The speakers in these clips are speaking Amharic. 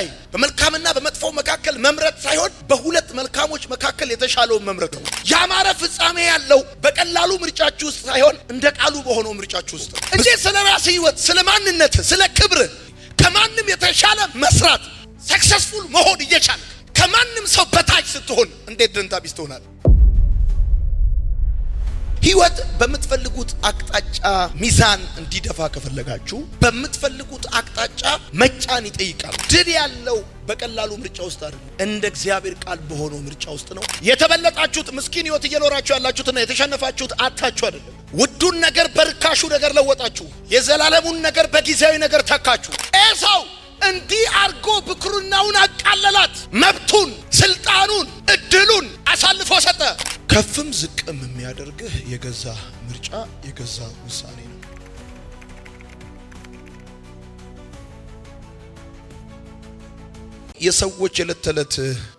ላይ በመልካምና በመጥፎው መካከል መምረጥ ሳይሆን በሁለት መልካሞች መካከል የተሻለውን መምረጥ ነው። ያማረ ፍጻሜ ያለው በቀላሉ ምርጫችሁ ውስጥ ሳይሆን እንደ ቃሉ በሆነው ምርጫችሁ ውስጥ እንዴ ስለ ራስ ህይወት፣ ስለ ማንነት ስለ ክብር ከማንም የተሻለ መስራት ሰክሰስፉል መሆን እየቻለ ከማንም ሰው በታች ስትሆን እንዴት ደንታ ቢስ ትሆናል? ህይወት በምትፈልጉት አቅጣጫ ሚዛን እንዲደፋ ከፈለጋችሁ በምትፈልጉት አቅጣጫ መጫን ይጠይቃል። ድል ያለው በቀላሉ ምርጫ ውስጥ አይደለም፣ እንደ እግዚአብሔር ቃል በሆነው ምርጫ ውስጥ ነው። የተበለጣችሁት ምስኪን ህይወት እየኖራችሁ ያላችሁትና የተሸነፋችሁት አታችሁ አይደለም። ውዱን ነገር በርካሹ ነገር ለወጣችሁ፣ የዘላለሙን ነገር በጊዜያዊ ነገር ተካችሁ። ኤሳው እንዲህ አድርጎ ብኩርናውን አቃለላት፣ መብቱን፣ ስልጣኑን፣ እድሉን አሳልፎ ሰጠ። ከፍም ዝቅም የሚያደርግህ የገዛ ምርጫ የገዛ ውሳኔ የሰዎች የዕለት ተዕለት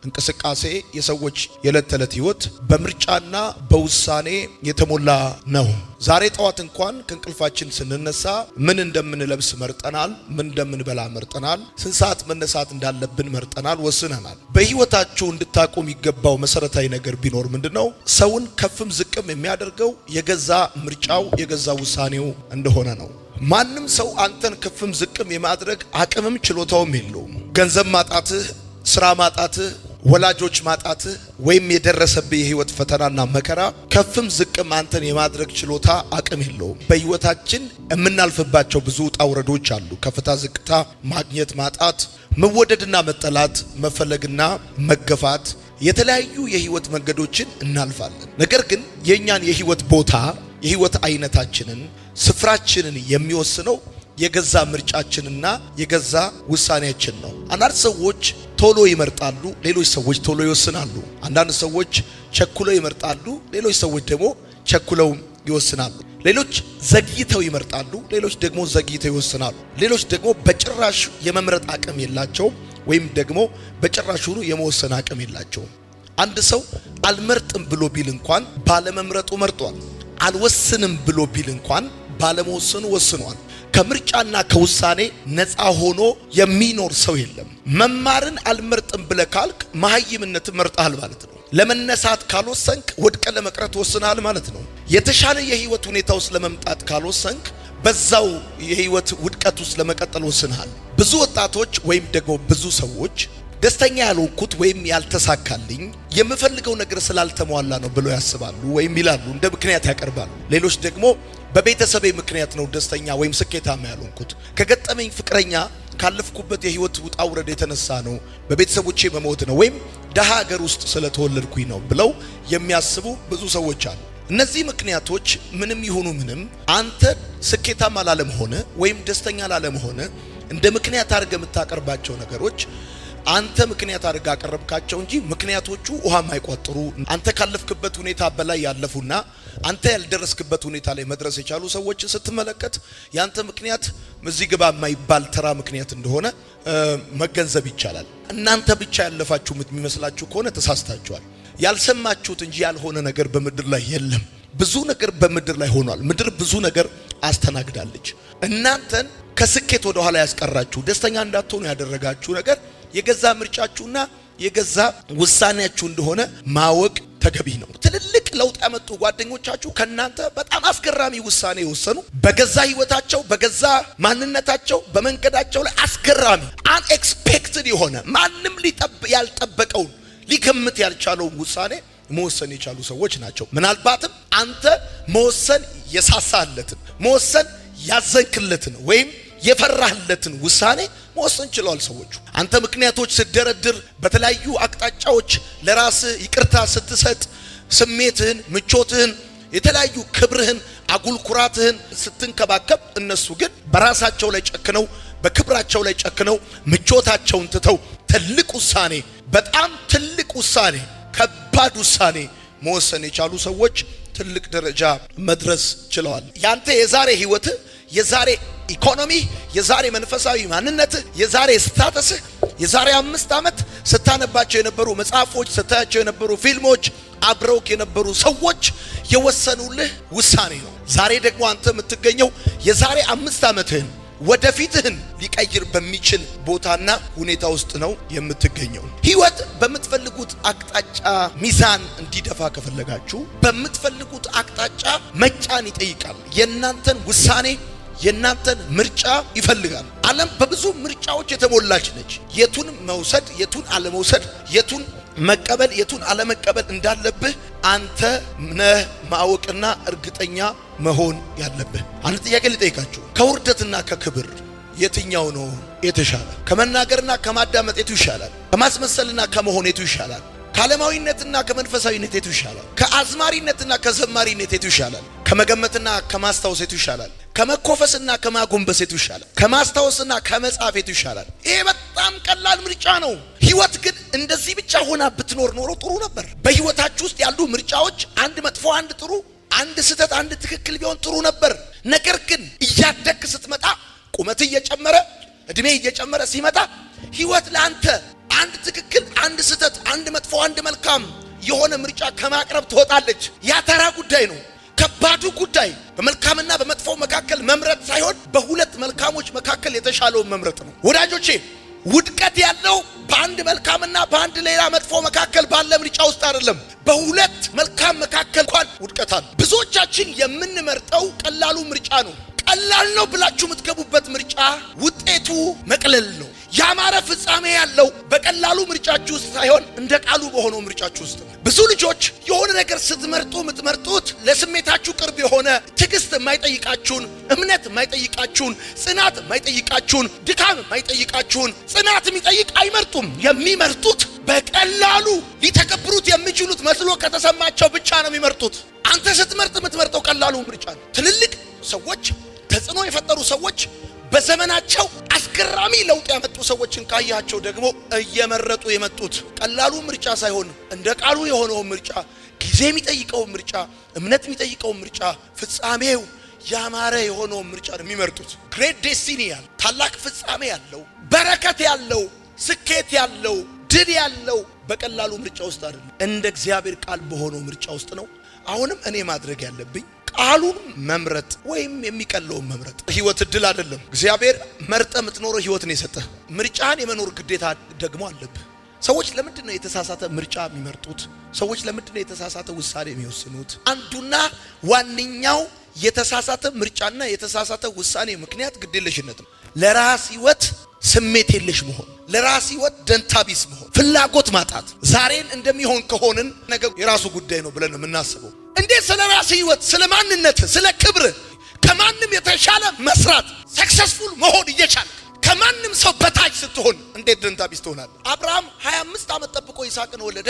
እንቅስቃሴ የሰዎች የዕለት ተዕለት ህይወት በምርጫና በውሳኔ የተሞላ ነው። ዛሬ ጠዋት እንኳን ከእንቅልፋችን ስንነሳ ምን እንደምንለብስ መርጠናል። ምን እንደምንበላ መርጠናል። ስንት ሰዓት መነሳት እንዳለብን መርጠናል፣ ወስነናል። በህይወታችሁ እንድታውቁ የሚገባው መሰረታዊ ነገር ቢኖር ምንድን ነው? ሰውን ከፍም ዝቅም የሚያደርገው የገዛ ምርጫው የገዛ ውሳኔው እንደሆነ ነው። ማንም ሰው አንተን ከፍም ዝቅም የማድረግ አቅምም ችሎታውም የለውም። ገንዘብ ማጣትህ፣ ስራ ማጣትህ፣ ወላጆች ማጣትህ ወይም የደረሰብህ የህይወት ፈተናና መከራ ከፍም ዝቅም አንተን የማድረግ ችሎታ አቅም የለውም። በህይወታችን የምናልፍባቸው ብዙ ውጣ ውረዶች አሉ። ከፍታ፣ ዝቅታ፣ ማግኘት፣ ማጣት፣ መወደድና መጠላት፣ መፈለግና መገፋት የተለያዩ የህይወት መንገዶችን እናልፋለን። ነገር ግን የእኛን የህይወት ቦታ የህይወት አይነታችንን ስፍራችንን የሚወስነው የገዛ ምርጫችንና የገዛ ውሳኔያችን ነው። አንዳንድ ሰዎች ቶሎ ይመርጣሉ፣ ሌሎች ሰዎች ቶሎ ይወስናሉ። አንዳንድ ሰዎች ቸኩለው ይመርጣሉ፣ ሌሎች ሰዎች ደግሞ ቸኩለውም ይወስናሉ። ሌሎች ዘግይተው ይመርጣሉ፣ ሌሎች ደግሞ ዘግይተው ይወስናሉ። ሌሎች ደግሞ በጭራሽ የመምረጥ አቅም የላቸውም፣ ወይም ደግሞ ሁሉ የመወሰን አቅም የላቸውም። አንድ ሰው አልመርጥም ብሎ ቢል እንኳን ባለመምረጡ መርጧል። አልወስንም ብሎ ቢል እንኳን ባለመወሰኑ ወስኗል። ከምርጫና ከውሳኔ ነፃ ሆኖ የሚኖር ሰው የለም። መማርን አልመርጥም ብለህ ካልክ መሀይምነት መርጠሃል ማለት ነው። ለመነሳት ካልወሰንክ ወድቀ ለመቅረት ወስናል ማለት ነው። የተሻለ የህይወት ሁኔታ ውስጥ ለመምጣት ካልወሰንክ በዛው የህይወት ውድቀት ውስጥ ለመቀጠል ወስንሃል። ብዙ ወጣቶች ወይም ደግሞ ብዙ ሰዎች ደስተኛ ያልሆንኩት ወይም ያልተሳካልኝ የምፈልገው ነገር ስላልተሟላ ነው ብለው ያስባሉ ወይም ይላሉ፣ እንደ ምክንያት ያቀርባሉ። ሌሎች ደግሞ በቤተሰቤ ምክንያት ነው ደስተኛ ወይም ስኬታማ ያልሆንኩት፣ ከገጠመኝ ፍቅረኛ ካለፍኩበት የህይወት ውጣ ውረድ የተነሳ ነው፣ በቤተሰቦቼ መሞት ነው ወይም ደሃ ሀገር ውስጥ ስለተወለድኩኝ ነው ብለው የሚያስቡ ብዙ ሰዎች አሉ። እነዚህ ምክንያቶች ምንም ይሁኑ ምንም አንተ ስኬታማ ላለመሆነ ወይም ደስተኛ ላለመሆነ እንደ ምክንያት አድርገ የምታቀርባቸው ነገሮች አንተ ምክንያት አድርጋ አቀረብካቸው እንጂ ምክንያቶቹ ውሃ የማይቋጥሩ አንተ ካለፍክበት ሁኔታ በላይ ያለፉና አንተ ያልደረስክበት ሁኔታ ላይ መድረስ የቻሉ ሰዎች ስትመለከት ያንተ ምክንያት እዚህ ግባ የማይባል ተራ ምክንያት እንደሆነ መገንዘብ ይቻላል። እናንተ ብቻ ያለፋችሁ የሚመስላችሁ ከሆነ ተሳስታችኋል። ያልሰማችሁት እንጂ ያልሆነ ነገር በምድር ላይ የለም። ብዙ ነገር በምድር ላይ ሆኗል። ምድር ብዙ ነገር አስተናግዳለች። እናንተን ከስኬት ወደ ኋላ ያስቀራችሁ ደስተኛ እንዳትሆኑ ያደረጋችሁ ነገር የገዛ ምርጫችሁና የገዛ ውሳኔያችሁ እንደሆነ ማወቅ ተገቢ ነው። ትልልቅ ለውጥ ያመጡ ጓደኞቻችሁ ከእናንተ በጣም አስገራሚ ውሳኔ የወሰኑ በገዛ ህይወታቸው፣ በገዛ ማንነታቸው፣ በመንገዳቸው ላይ አስገራሚ አንኤክስፔክትድ የሆነ ማንም ያልጠበቀውን ሊገምት ያልቻለውን ውሳኔ መወሰን የቻሉ ሰዎች ናቸው። ምናልባትም አንተ መወሰን የሳሳለትን መወሰን ያዘንክለትን ወይም የፈራህለትን ውሳኔ መወሰን ችለዋል ሰዎቹ። አንተ ምክንያቶች ስትደረድር፣ በተለያዩ አቅጣጫዎች ለራስ ይቅርታ ስትሰጥ፣ ስሜትህን፣ ምቾትህን፣ የተለያዩ ክብርህን፣ አጉል ኩራትህን ስትንከባከብ፣ እነሱ ግን በራሳቸው ላይ ጨክነው በክብራቸው ላይ ጨክነው ምቾታቸውን ትተው ትልቅ ውሳኔ፣ በጣም ትልቅ ውሳኔ፣ ከባድ ውሳኔ መወሰን የቻሉ ሰዎች ትልቅ ደረጃ መድረስ ችለዋል። ያንተ የዛሬ ህይወት የዛሬ ኢኮኖሚ፣ የዛሬ መንፈሳዊ ማንነት የዛሬ ስታተስ የዛሬ አምስት ዓመት ስታነባቸው የነበሩ መጽሐፎች፣ ስታያቸው የነበሩ ፊልሞች፣ አብረውክ የነበሩ ሰዎች የወሰኑልህ ውሳኔ ነው። ዛሬ ደግሞ አንተ የምትገኘው የዛሬ አምስት ዓመትህን ወደፊትህን ሊቀይር በሚችል ቦታና ሁኔታ ውስጥ ነው የምትገኘው። ህይወት በምትፈልጉት አቅጣጫ ሚዛን እንዲደፋ ከፈለጋችሁ በምትፈልጉት አቅጣጫ መጫን ይጠይቃል። የእናንተን ውሳኔ የእናንተን ምርጫ ይፈልጋል። ዓለም በብዙ ምርጫዎች የተሞላች ነች። የቱን መውሰድ፣ የቱን አለመውሰድ፣ የቱን መቀበል፣ የቱን አለመቀበል እንዳለብህ አንተ ነህ ማወቅና እርግጠኛ መሆን ያለብህ። አንድ ጥያቄ ልጠይቃችሁ። ከውርደትና ከክብር የትኛው ነው የተሻለ? ከመናገርና ከማዳመጥ የቱ ይሻላል? ከማስመሰልና ከመሆን የቱ ይሻላል? ከዓለማዊነትና ከመንፈሳዊነት የቱ ይሻላል? ከአዝማሪነትና ከዘማሪነት የቱ ይሻላል? ከመገመትና ከማስታወሴቱ ይሻላል። ከመኮፈስና ከማጎንበሴቱ ይሻላል። ከማስታወስና ከመጻፌቱ ይሻላል። ይሄ በጣም ቀላል ምርጫ ነው። ህይወት ግን እንደዚህ ብቻ ሆና ብትኖር ኖሮ ጥሩ ነበር። በህይወታችሁ ውስጥ ያሉ ምርጫዎች አንድ መጥፎ፣ አንድ ጥሩ፣ አንድ ስህተት፣ አንድ ትክክል ቢሆን ጥሩ ነበር። ነገር ግን እያደግ ስትመጣ ቁመት እየጨመረ እድሜ እየጨመረ ሲመጣ ህይወት ለአንተ አንድ ትክክል፣ አንድ ስህተት፣ አንድ መጥፎ፣ አንድ መልካም የሆነ ምርጫ ከማቅረብ ትወጣለች። ያ ተራ ጉዳይ ነው። ከባዱ ጉዳይ በመልካምና በመጥፎ መካከል መምረጥ ሳይሆን በሁለት መልካሞች መካከል የተሻለውን መምረጥ ነው። ወዳጆቼ ውድቀት ያለው በአንድ መልካምና በአንድ ሌላ መጥፎ መካከል ባለ ምርጫ ውስጥ አይደለም። በሁለት መልካም መካከል እንኳን ውድቀት አለ። ብዙዎቻችን የምንመርጠው ቀላሉ ምርጫ ነው። ቀላል ነው ብላችሁ የምትገቡበት ምርጫ ውጤቱ መቅለል ነው። ያማረ ፍጻሜ ያለው በቀላሉ ምርጫችሁ ውስጥ ሳይሆን እንደ ቃሉ በሆነው ምርጫችሁ ውስጥ ነው። ብዙ ልጆች የሆነ ነገር ስትመርጡ የምትመርጡት ለስሜታችሁ ቅርብ የሆነ ትዕግስት የማይጠይቃችሁን፣ እምነት የማይጠይቃችሁን፣ ጽናት የማይጠይቃችሁን፣ ድካም የማይጠይቃችሁን፣ ጽናት የሚጠይቅ አይመርጡም። የሚመርጡት በቀላሉ ሊተገብሩት የሚችሉት መስሎ ከተሰማቸው ብቻ ነው የሚመርጡት። አንተ ስትመርጥ የምትመርጠው ቀላሉ ምርጫ ነው። ትልልቅ ሰዎች ተጽዕኖ የፈጠሩ ሰዎች በዘመናቸው አስገራሚ ለውጥ ያመጡ ሰዎችን ካያቸው ደግሞ እየመረጡ የመጡት ቀላሉ ምርጫ ሳይሆን እንደ ቃሉ የሆነውን ምርጫ፣ ጊዜ የሚጠይቀውን ምርጫ፣ እምነት የሚጠይቀውን ምርጫ፣ ፍጻሜው ያማረ የሆነውን ምርጫ ነው የሚመርጡት። ግሬት ዴስቲኒ ያል ታላቅ ፍጻሜ ያለው በረከት ያለው ስኬት ያለው ድል ያለው በቀላሉ ምርጫ ውስጥ አይደለም፣ እንደ እግዚአብሔር ቃል በሆነው ምርጫ ውስጥ ነው። አሁንም እኔ ማድረግ ያለብኝ ቃሉን መምረጥ ወይም የሚቀለውን መምረጥ ህይወት እድል አይደለም። እግዚአብሔር መርጠ የምትኖረው ህይወት ነው የሰጠህ። ምርጫን የመኖር ግዴታ ደግሞ አለብህ። ሰዎች ለምንድን ነው የተሳሳተ ምርጫ የሚመርጡት? ሰዎች ለምንድን ነው የተሳሳተ ውሳኔ የሚወስኑት? አንዱና ዋነኛው የተሳሳተ ምርጫና የተሳሳተ ውሳኔ ምክንያት ግዴለሽነት ነው። ለራስ ህይወት ስሜት የለሽ መሆን፣ ለራስ ህይወት ደንታቢስ መሆን፣ ፍላጎት ማጣት። ዛሬን እንደሚሆን ከሆንን ነገ የራሱ ጉዳይ ነው ብለን ነው የምናስበው። እንዴት ስለ ራስ ህይወት፣ ስለ ማንነት ስለ ክብር ከማንም የተሻለ መስራት ሰክሰስፉል መሆን እየቻለ ከማንም ሰው በታች ስትሆን እንዴት ደንታ ቢስ ትሆናል? አብርሃም 25 ዓመት ጠብቆ ይስሐቅን ወለደ።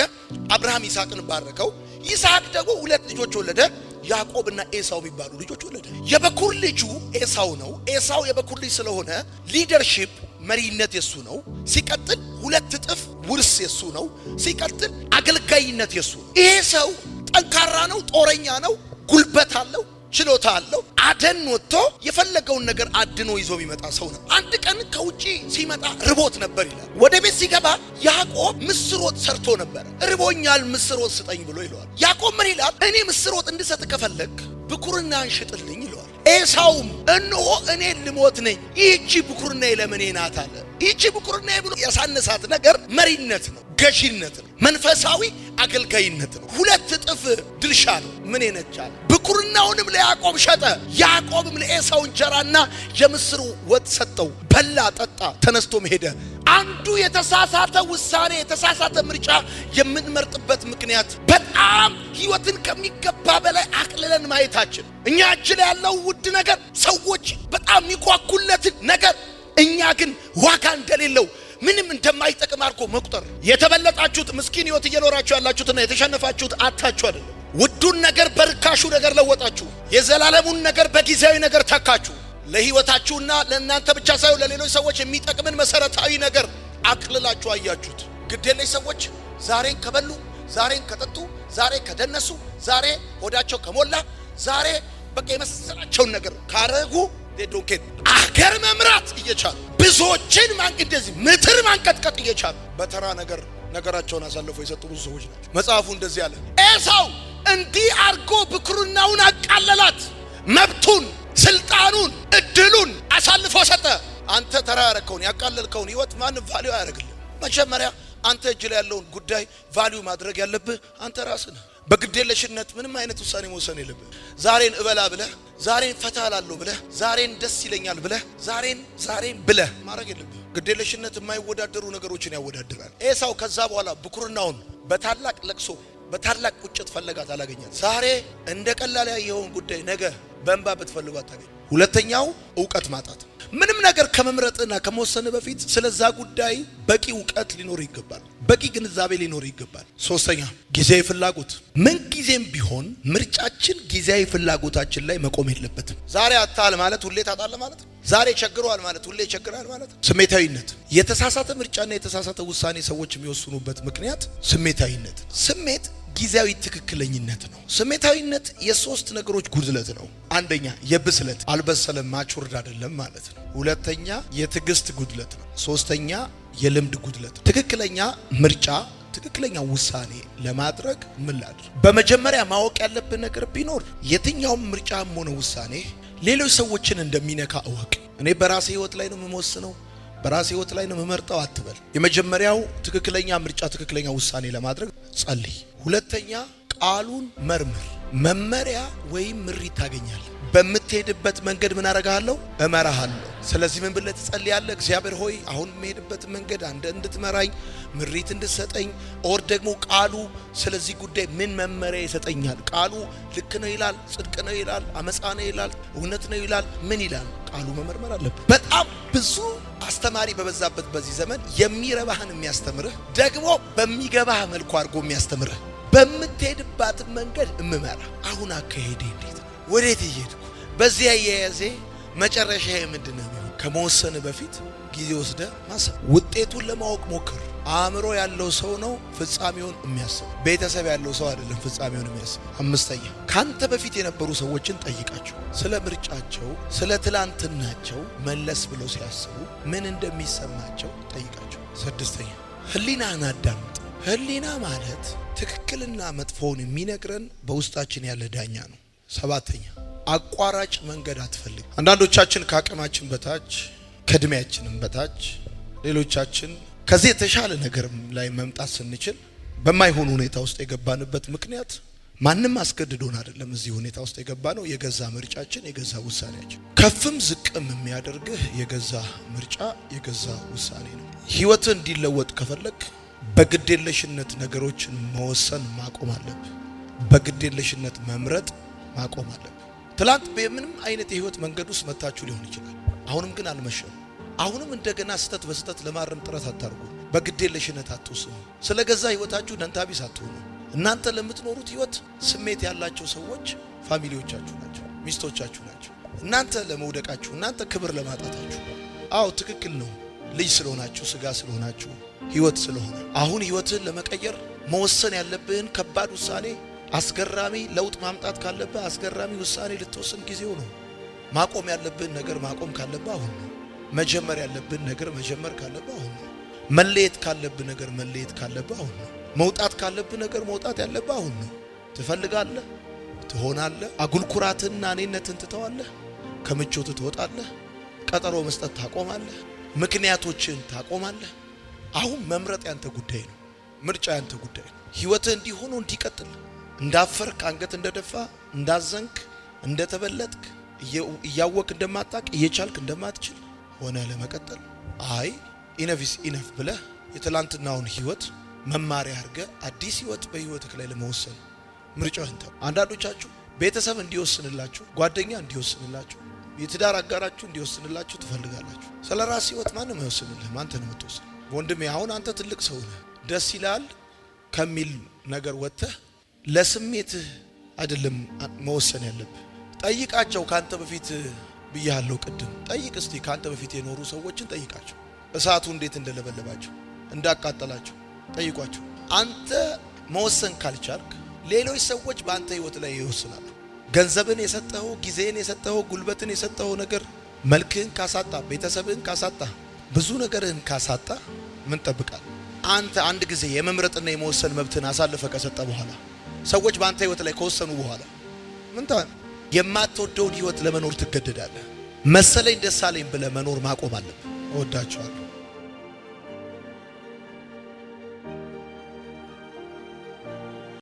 አብርሃም ይስሐቅን ባረከው። ይስሐቅ ደግሞ ሁለት ልጆች ወለደ። ያዕቆብና ኤሳው የሚባሉ ልጆች ወለደ። የበኩር ልጁ ኤሳው ነው። ኤሳው የበኩር ልጅ ስለሆነ ሊደርሺፕ መሪነት የሱ ነው። ሲቀጥል ሁለት እጥፍ ውርስ የሱ ነው። ሲቀጥል አገልጋይነት የሱ ነው። ይሄ ሰው ጠንካራ ነው፣ ጦረኛ ነው፣ ጉልበት አለው፣ ችሎታ አለው። አደን ወጥቶ የፈለገውን ነገር አድኖ ይዞ የሚመጣ ሰው ነው። አንድ ቀን ከውጪ ሲመጣ ርቦት ነበር ይላል። ወደ ቤት ሲገባ ያዕቆብ ምስር ወጥ ሰርቶ ነበር። ርቦኛል፣ ምስር ወጥ ስጠኝ ብሎ ይለዋል። ያዕቆብ ምን ይላል? እኔ ምስር ወጥ እንድሰጥ ከፈለግ ብኩርና እንሽጥልኝ ኤሳውም እነሆ እኔ ልሞት ነኝ፣ ይህቺ ብኩርና ለምን ናት አለ። ይህቺ ብኩርና ብሎ ያሳነሳት ነገር መሪነት ነው፣ ገዢነት ነው፣ መንፈሳዊ አገልጋይነት ነው። ሁለት እጥፍ ድልሻ ነው። ምን ነቻለ? ብኩርናውንም ለያዕቆብ ሸጠ። ያዕቆብም ለኤሳው እንጀራና የምስር ወጥ ሰጠው። በላ፣ ጠጣ፣ ተነስቶም ሄደ። አንዱ የተሳሳተ ውሳኔ የተሳሳተ ምርጫ የምንመርጥበት ምክንያት በጣም ህይወትን ከሚገባ በላይ አቅልለን ማየታችን፣ እኛ እጅ ላይ ያለው ውድ ነገር፣ ሰዎች በጣም የሚጓጉለትን ነገር እኛ ግን ዋጋ እንደሌለው ምንም እንደማይጠቅም አድርጎ መቁጠር። የተበለጣችሁት ምስኪን ህይወት እየኖራችሁ ያላችሁትና የተሸነፋችሁት አታችሁ አይደለም። ውዱን ነገር በርካሹ ነገር ለወጣችሁ። የዘላለሙን ነገር በጊዜያዊ ነገር ተካችሁ። ለህይወታችሁና ለእናንተ ብቻ ሳይሆን ለሌሎች ሰዎች የሚጠቅምን መሰረታዊ ነገር አቅልላችሁ አያችሁት። ግዴለሽ ሰዎች ዛሬን ከበሉ፣ ዛሬን ከጠጡ፣ ዛሬ ከደነሱ፣ ዛሬ ሆዳቸው ከሞላ፣ ዛሬ በቃ የመሰላቸውን ነገር ካረጉ ዶንኬት አገር መምራት እየቻሉ ብዙዎችን እንደዚህ ማንቀጥቀጥ እየቻሉ በተራ ነገር ነገራቸውን አሳልፈው የሰጡ ብዙ ሰዎች ናቸው። መጽሐፉ እንደዚህ አለ። ኤሳው እንዲህ አድርጎ ብኩርናውን አቃለላት። አንተ ተራ ያረከውን ያቃለልከውን ህይወት ማንም ቫሊዩ አያደርግልህ። መጀመሪያ አንተ እጅ ላይ ያለውን ጉዳይ ቫሊዩ ማድረግ ያለብህ አንተ ራስህ ነህ። በግዴለሽነት ምንም አይነት ውሳኔ መውሰን የለብህ። ዛሬን እበላ ብለህ፣ ዛሬን ፈታ እላለሁ ብለህ፣ ዛሬን ደስ ይለኛል ብለህ፣ ዛሬን ዛሬን ብለህ ማድረግ የለብህ። ግዴለሽነት የማይወዳደሩ ነገሮችን ያወዳድራል። ኤሳው ከዛ በኋላ ብኩርናውን በታላቅ ለቅሶ በታላቅ ቁጭት ፈለጋት አላገኛት። ዛሬ እንደ ቀላል ያየኸውን ጉዳይ ነገ በእንባ ብትፈልጓት ታገኝ። ሁለተኛው እውቀት ማጣት ምንም ነገር ከመምረጥና ከመወሰን በፊት ስለዛ ጉዳይ በቂ እውቀት ሊኖር ይገባል። በቂ ግንዛቤ ሊኖር ይገባል። ሶስተኛ ጊዜያዊ ፍላጎት። ምን ጊዜም ቢሆን ምርጫችን ጊዜያዊ ፍላጎታችን ላይ መቆም የለበትም። ዛሬ አታል ማለት ሁሌ ታጣለ ማለት፣ ዛሬ ቸግረዋል ማለት ሁሌ ይቸግራል ማለት። ስሜታዊነት፣ የተሳሳተ ምርጫና የተሳሳተ ውሳኔ ሰዎች የሚወስኑበት ምክንያት ስሜታዊነት ስሜት ጊዜያዊ ትክክለኝነት ነው። ስሜታዊነት የሶስት ነገሮች ጉድለት ነው። አንደኛ የብስለት አልበሰለም፣ ማቹርድ አይደለም ማለት ነው። ሁለተኛ የትዕግስት ጉድለት ነው። ሶስተኛ የልምድ ጉድለት ነው። ትክክለኛ ምርጫ ትክክለኛ ውሳኔ ለማድረግ ምን በመጀመሪያ ማወቅ ያለብን ነገር ቢኖር የትኛውም ምርጫም ሆነ ውሳኔ ሌሎች ሰዎችን እንደሚነካ እወቅ። እኔ በራሴ ህይወት ላይ ነው የምወስነው በራሴ ህይወት ላይ ነው የምመርጠው አትበል። የመጀመሪያው ትክክለኛ ምርጫ ትክክለኛ ውሳኔ ለማድረግ ጸልይ። ሁለተኛ ቃሉን መርምር። መመሪያ ወይም ምሪት ታገኛለህ። በምትሄድበት መንገድ ምን አረጋለሁ? እመራሃለሁ። ስለዚህ ምን ብለህ ትጸልያለህ? እግዚአብሔር ሆይ አሁን የምሄድበት መንገድ አንተ እንድትመራኝ፣ ምሪት እንድትሰጠኝ፣ ኦር ደግሞ ቃሉ ስለዚህ ጉዳይ ምን መመሪያ ይሰጠኛል? ቃሉ ልክ ነው ይላል፣ ጽድቅ ነው ይላል፣ አመፃ ነው ይላል፣ እውነት ነው ይላል፣ ምን ይላል? ቃሉ መመርመር አለብህ። በጣም ብዙ አስተማሪ በበዛበት በዚህ ዘመን የሚረባህን የሚያስተምርህ ደግሞ በሚገባህ መልኩ አድርጎ የሚያስተምርህ በምትሄድባትን መንገድ እምመራ አሁን አካሄድ እንዴት ወዴት እየሄድ በዚህ አያያዜ መጨረሻ ምንድን ነው? ከመወሰን በፊት ጊዜ ወስደ ማሰብ፣ ውጤቱን ለማወቅ ሞክር። አእምሮ ያለው ሰው ነው ፍጻሜውን የሚያስብ። ቤተሰብ ያለው ሰው አይደለም ፍጻሜውን የሚያስብ። አምስተኛ ካንተ በፊት የነበሩ ሰዎችን ጠይቃቸው። ስለ ምርጫቸው፣ ስለ ትላንትናቸው መለስ ብለው ሲያስቡ ምን እንደሚሰማቸው ጠይቃቸው። ስድስተኛ ህሊናን አዳምጥ። ህሊና ማለት ትክክልና መጥፎውን የሚነግረን በውስጣችን ያለ ዳኛ ነው። ሰባተኛ አቋራጭ መንገድ አትፈልግ። አንዳንዶቻችን ከአቅማችን በታች ከእድሜያችንም በታች ሌሎቻችን ከዚህ የተሻለ ነገር ላይ መምጣት ስንችል በማይሆን ሁኔታ ውስጥ የገባንበት ምክንያት ማንም አስገድዶን አይደለም። እዚህ ሁኔታ ውስጥ የገባ ነው የገዛ ምርጫችን፣ የገዛ ውሳኔያችን። ከፍም ዝቅም የሚያደርግህ የገዛ ምርጫ፣ የገዛ ውሳኔ ነው። ህይወትህ እንዲለወጥ ከፈለግ በግዴለሽነት ነገሮችን መወሰን ማቆም አለብህ። በግዴለሽነት መምረጥ ማቆም አለብህ። ትላንት በምንም አይነት የህይወት መንገድ ውስጥ መታችሁ ሊሆን ይችላል። አሁንም ግን አልመሸም። አሁንም እንደገና ስህተት በስህተት ለማረም ጥረት አታርጉ። በግዴለሽነት አትወስኑ። ስለ ገዛ ህይወታችሁ ደንታቢስ አትሆኑ። እናንተ ለምትኖሩት ህይወት ስሜት ያላቸው ሰዎች ፋሚሊዎቻችሁ ናቸው፣ ሚስቶቻችሁ ናቸው። እናንተ ለመውደቃችሁ፣ እናንተ ክብር ለማጣታችሁ። አዎ ትክክል ነው። ልጅ ስለሆናችሁ፣ ስጋ ስለሆናችሁ፣ ህይወት ስለሆነ አሁን ህይወትህን ለመቀየር መወሰን ያለብህን ከባድ ውሳኔ አስገራሚ ለውጥ ማምጣት ካለብህ አስገራሚ ውሳኔ ልትወስን ጊዜው ነው። ማቆም ያለብን ነገር ማቆም ካለብህ አሁን ነው። መጀመር ያለብን ነገር መጀመር ካለብህ አሁን ነው። መለየት ካለብህ ነገር መለየት ካለብህ አሁን ነው። መውጣት ካለብህ ነገር መውጣት ያለብህ አሁን ነው። ትፈልጋለህ፣ ትሆናለህ። አጉልኩራትና ኩራትንና እኔነትን ትተዋለህ። ከምቾት ትወጣለህ። ቀጠሮ መስጠት ታቆማለህ። ምክንያቶችን ታቆማለህ። አሁን መምረጥ ያንተ ጉዳይ ነው። ምርጫ ያንተ ጉዳይ ነው። ህይወትህ እንዲሆኑ እንዲቀጥል እንዳፈርክ አንገት እንደደፋ እንዳዘንክ እንደተበለጥክ እያወቅ እንደማታቅ እየቻልክ እንደማትችል ሆነ ለመቀጠል አይ ኢነቪስ ኢነፍ ብለህ የትላንትናውን ህይወት መማሪያ አድርገ አዲስ ህይወት በህይወት ላይ ለመወሰን ምርጫህን ተው። አንዳንዶቻችሁ ቤተሰብ እንዲወስንላችሁ፣ ጓደኛ እንዲወስንላችሁ፣ የትዳር አጋራችሁ እንዲወስንላችሁ ትፈልጋላችሁ። ስለ ራስ ህይወት ማንም አይወስንልህም፣ አንተ ነው የምትወስን። ወንድሜ አሁን አንተ ትልቅ ሰው ነህ። ደስ ይላል ከሚል ነገር ወጥተህ ለስሜትህ አይደለም መወሰን ያለብህ። ጠይቃቸው። ካንተ በፊት ብያለሁ ቅድም። ጠይቅ እስቲ ካንተ በፊት የኖሩ ሰዎችን ጠይቃቸው። እሳቱ እንዴት እንደለበለባቸው እንዳቃጠላቸው ጠይቋቸው። አንተ መወሰን ካልቻልክ ሌሎች ሰዎች በአንተ ህይወት ላይ ይወስናሉ። ገንዘብን የሰጠኸው፣ ጊዜን የሰጠኸው፣ ጉልበትን የሰጠኸው ነገር መልክህን ካሳጣ፣ ቤተሰብህን ካሳጣ፣ ብዙ ነገርህን ካሳጣ ምን ጠብቃል? አንተ አንድ ጊዜ የመምረጥና የመወሰን መብትን አሳልፈ ከሰጠ በኋላ ሰዎች በአንተ ህይወት ላይ ከወሰኑ በኋላ ምን የማትወደውን ህይወት ለመኖር ትገደዳለህ። መሰለኝ ደሳለኝ ብለህ መኖር ማቆም አለብህ። እወዳችኋለሁ።